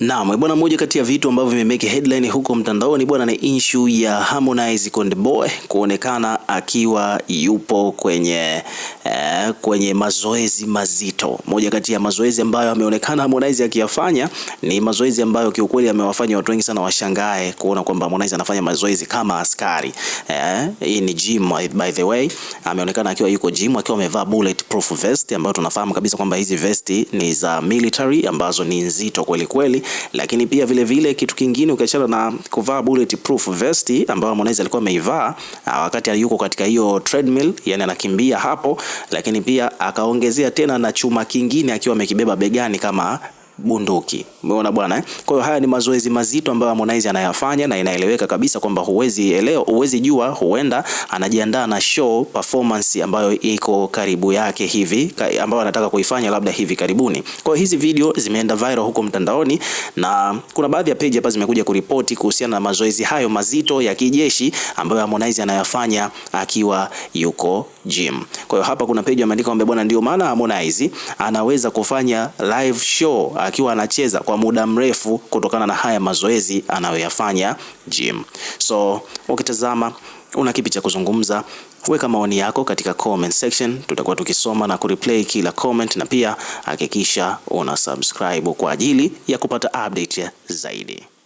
Naam, e bwana, moja kati ya vitu ambavyo vimemeke headline huko mtandaoni bwana ni issue ya Harmonize Konde Boy kuonekana akiwa yupo kwenye eh, kwenye mazoezi mazito. Moja kati ya mazoezi ambayo ameonekana Harmonize akiyafanya ni mazoezi ambayo kiukweli amewafanya watu wengi sana washangae kuona kwamba Harmonize anafanya mazoezi kama askari. Eh, hii ni gym by the way. Ameonekana akiwa yuko gym akiwa amevaa bulletproof vest ambayo tunafahamu kabisa kwamba hizi vesti ni za military ambazo ni nzito kweli kweli lakini pia vile vile kitu kingine ukiachana na kuvaa bulletproof vest ambayo Harmonize alikuwa ameivaa ah, wakati yuko katika hiyo treadmill, yani anakimbia hapo, lakini pia akaongezea tena na chuma kingine akiwa amekibeba begani kama bunduki. Umeona bwana eh? Kwa hiyo haya ni mazoezi mazito ambayo Harmonize anayafanya na inaeleweka kabisa kwamba huwezi elewa, huwezi jua, huenda anajiandaa na show performance ambayo iko karibu yake hivi ambayo anataka kuifanya labda hivi karibuni. Kwa hiyo hizi video zimeenda viral huko mtandaoni na kuna baadhi ya page hapa zimekuja kuripoti kuhusiana na mazoezi hayo mazito ya kijeshi ambayo Harmonize anayafanya akiwa yuko Gym. Kwa hiyo hapa kuna page ameandika kwamba bwana, ndio maana Harmonize anaweza kufanya live show akiwa anacheza kwa muda mrefu kutokana na haya mazoezi anayoyafanya gym. So ukitazama una kipi cha kuzungumza? Weka maoni yako katika comment section, tutakuwa tukisoma na kureplay kila comment, na pia hakikisha una subscribe kwa ajili ya kupata update zaidi.